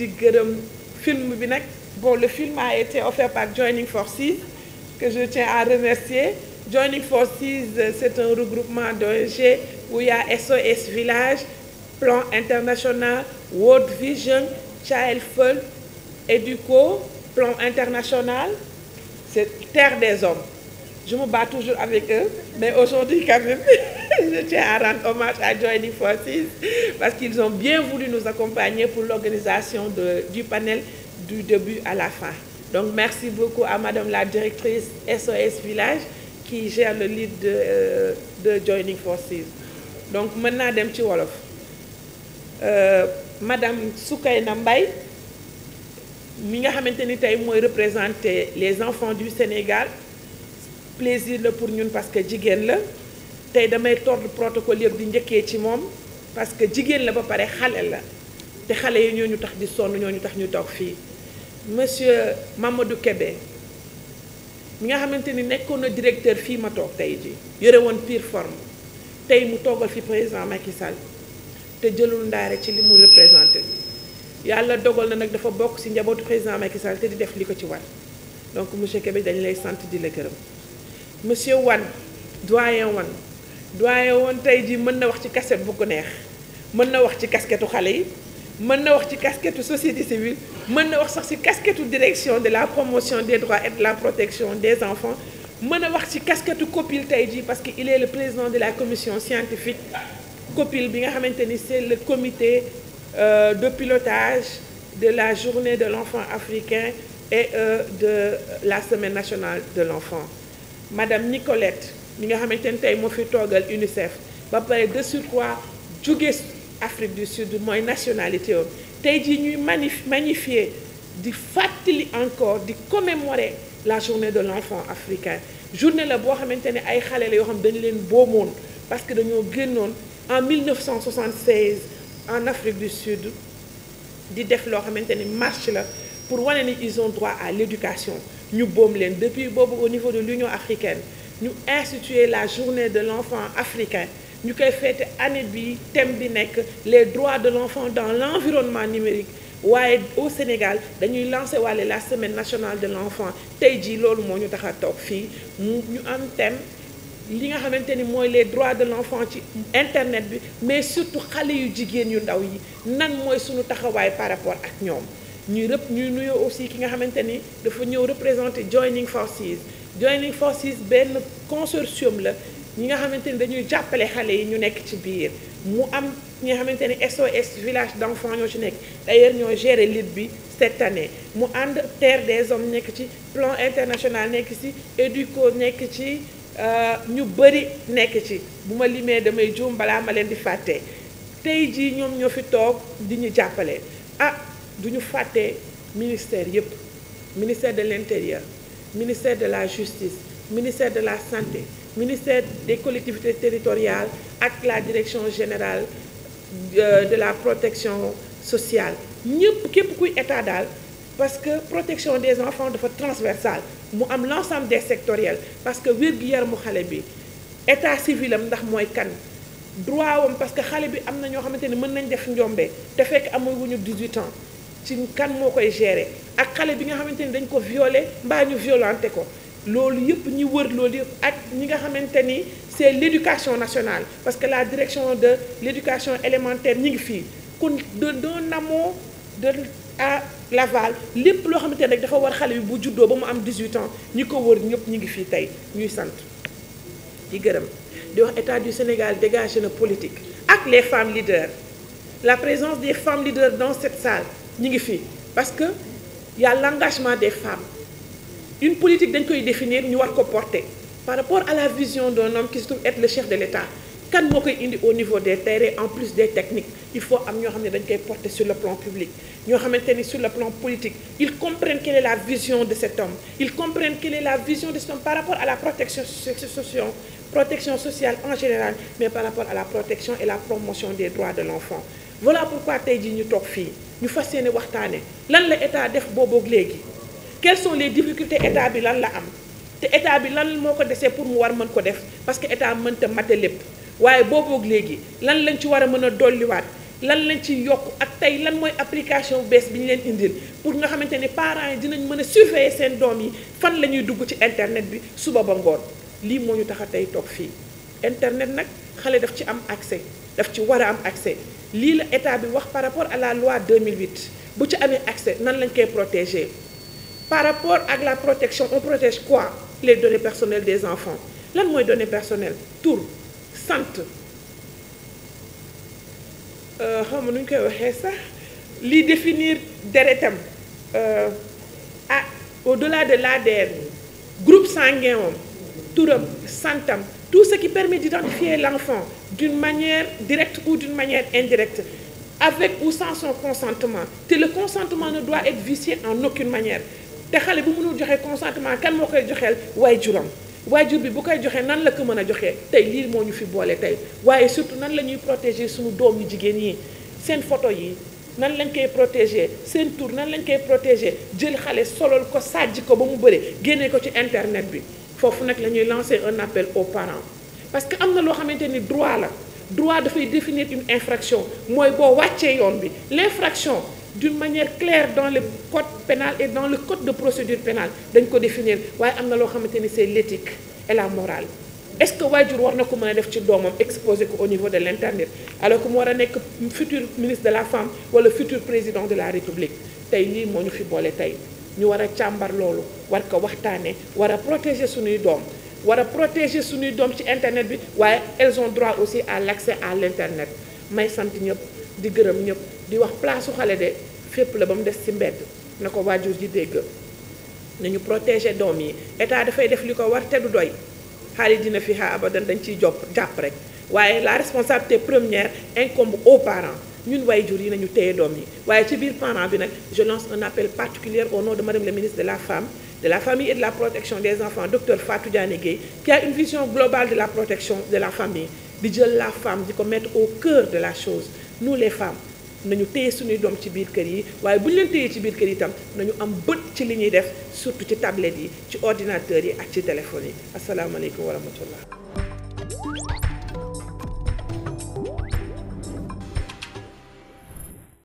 di gërëm film bi nag bon le film a été offert par Joining Forces que je tiens à remercier Joining Forces c'est un regroupement d'ONG où y a SOS Village Plan International World Vision Child Fund Educo Plan International c'est Terre des Hommes je me bats toujours avec eux, mais aujourd'hui quand même, je tiens à rendre hommage à Joining Forces parce qu'ils ont bien voulu nous accompagner pour l'organisation du panel du début à la fin. Donc merci beaucoup à Madame la directrice SOS Village qui gère le lead de, euh, de Joining Forces. Donc maintenant dem ci wolof euh, Madame Soukayna Mbaye mi nga xamante ni tey mooy représenter les enfants du Sénégal plaisir la pour ñun parce que jigéen la tey damay tordre protocole yëpp di njëkkee ci moom parce que jigéen la ba pare xale la te xale yi ñoo ñu tax di sonn ñoo ñu tax ñu toog fii monsieur Mamadou kebe mi nga xamante ni nekkoon na directeur fii ma toog tey ji yore woon piir form tey mu toogal fi président Macky Sall te jëlul ndaare ci li mu représenté yàlla dogal na nag dafa bokk ci njabootu président Macky Sall te di def li ko ci war donc monsieur kebe dañ lay sant di la gërëm. monsieur Wane doyen Wane doyen Wane tey jii mën na wax ci casquette bu ko neex mën na wax ci casquette xale yi mën na wax ci casquette société civile mën na wax sax ci casquette direction de la promotion des droits et de la protection des enfants mën na wax ci casquette COPIL tey jii parce que il est le président de la commission scientifique COPIL bi nga xamante ni c'est le comité euh, de pilotage de la journée de l'enfant africain et euh, de la semaine nationale de l'enfant madame Nicolette ñi nga xamante ne tey moo fi toogal UNICEF ba pare de surcroît jóge Afrique du Sud mooy nationalité yoon tey jii ñuy manif magnifier di fàttali encore di commémorer la journée de l'enfant africain journée la boo xamante ne ay xale la yoo xam dañu leen booboon parce que dañoo génnoon en 1976 en Afrique du Sud di def loo xamante ni marche la pour wane ni ils ont droit à l'éducation ñu boom leen depuis boobu au niveau de l'Union africaine ñu instituer la journée de l'enfant africain ñu koy feete année bi thème bi nekk les droits de l'enfant dans l'environnement numérique waaye au Sénégal dañuy lancé wàlle la semaine nationale de l'enfant tey jii loolu moo ñu tax a toog fii mu ñu am thème li nga xamante ni mooy les droits de l'enfant ci internet bi mais surtout xale yu jigéen yu ndaw yi nan mooy suñu taxawaay par rapport ak ñoom ñuy rëp ñuy nuyoo aussi ki nga xamante ni dafa ñëw représenter Joining Forces Joining Forces benn consortium la ñi nga xamante ni dañuy jàppale xale yi ñu nekk ci biir mu am ñi nga xamante ni SOS village d'enfants ñoo ci nekk d'ailleurs ñoo gérer lit bi cette année mu ànd terre des zone nekk ci plan international nekk ci EDUCO nekk ci euh, ñu bëri nekk ci bu ma limee damay juum balaa ma leen di fàtte tey jii ñoom ñoo fi toog di ñu jàppale ah, du ñu fàtte ministère yëpp ministère de l'intérieur ministère de la justice ministère de la santé ministère des collectivités territoriale ak la direction générale euh, de la protection sociale ñëpp képp kuy état daal parce que protection des enfants dafa transversale mu am l'ensemble des sectoriels parce que wér-gu-yaramu xale bi état civil am ndax mooy kan droit wam parce que xale bi am na ñoo xamante ne mën nañ def njombe te fekk amul wuñu 18 ans ci kan moo koy gérer ak xale bi nga xamante ni dañ ko violé mbaa ñu violenté ko loolu yëpp ñi wër loolu yëpp ak ñi nga xamante ni c'est l'éducation nationale parce que la direction de l'éducation élémentaire ñi ngi fii kon de d'un amont de à Laval lépp loo xamante ne rek dafa war xale bi bu juddoo ba mu am 18 ans ñi ko wër ñëpp ñi ngi fii tey ñuy sant di gërëm di wax état du Sénégal dégagé na politique ak les femmes leaders la présence des femmes leaders dans cette salle ñi ngi fii parce que y a l'engagement des femmes une politique dañ koy définir ñu ko porter par rapport à la vision le chef de indi au niveau des terrains en plus des ñoo xam ne dañ koy porter sur le plan public ñoo xamante ni sur le plan politique ils comprennent quelle est la vision de cet homme ils comprennent quelle est la vision de cet homme par rapport à la protection sociale en général mais par rapport à la protection et la promotion des droits de l'enfant voilà pourquoi tey jii ñu toog fii ñu fas yéene waxtaane lan la état def booboog léegi quelles sont les difficultés état bi lan la am te état bi lan moo ko desee pour mu war mën ko def parce que état mënta mate lépp waaye booboog léegi lan lañ ci war a mën a dolliwaat lan lañ ci yokk ak tey lan mooy application bees bi ñu leen indil pour nga xamante ni parents yi dinañ mën a surveiller seen doom yi fan la ñuy dugg ci internet bi suba ba ngoon lii moo ñu tax a tey toog fii internet nag xale daf ci am accès daf ci war a am accès lii la état bi wax par rapport à la deux loi 2008 bu ci amee accès nan lañ koy protéger par rapport ak la protection on protège quoi les données personnelles des enfants lan mooy données personnelles tur sant euh, xaw ma nu ñu koy waxee sax lii définir deretam euh, ah au delà la l'ADN groupe sanguin moom turam santam tout ce qui permet d'identifier l'enfant d'une manière directe ou d'une manière indirecte avec ou sans son consentement te le consentement ne doit être vicié en aucune manière te xale bu mënul joxee consentement kan moo koy joxeel waaye juram waajuram jur bi bu koy joxee nan la ko mën a joxee tey lii moo ñu fi boole tey waaye surtout nan la ñuy protéger suñu doom yu jigéen yi seen photo yi nan lañ koy protéger seen tur nan lañ koy protéger jël xale solol ko sàjj ko ba mu bëre génnee ko ci internet bi foofu nag la ñuy lancer un appel aux parents parce que am na loo xamante ni droit la droit dafay définir une infraction mooy boo wàccee yoon bi l'infraction d'une manière claire dans le code pénal et dans le code de procédure pénal dañ ko définir waaye am na loo xamante ni c'est l'éthique et la morale est-ce que waajur war na ko mën a def ci doomam exposé ko au niveau de l'internet alors que mu war a nekk futur ministre de la femme wala futur président de la tey lii moo ñu fi boole tey ñu war a càmbar loolu war ko waxtaanee war protéger suñuy doom war a protéger suñuy doom ci internet bi waaye elles ont droit aussi à l'accès à l'internet may sant ñëpp di gërëm ñëpp di wax place su xale de fépp la ba mu des ci mbedd na ko waajur ji dégg nañu protéger doom yi état dafay def li ko war te du doy xaalis dina fi xaa abadan dañ ciy jopp jàpp rek waaye la responsabilité première incombe aux parent ñun waajur yi nañu téye doom yi waaye ci biir parent bi nag je lance un appel particulier au nom de madame la ministre de la femme de la famille et de la protection des a une di jël la femme di ko mettre au cœur de la chose nous les femmes nañu téye suñuy doom ci biir kër yi waaye bu ñu leen téyee ci biir kër yi itam nañu am bët ci li ñuy def surtout ci tablette yi ci ordinateur yi ak ci téléphone yi asalaamaaleykum wa rahmatullah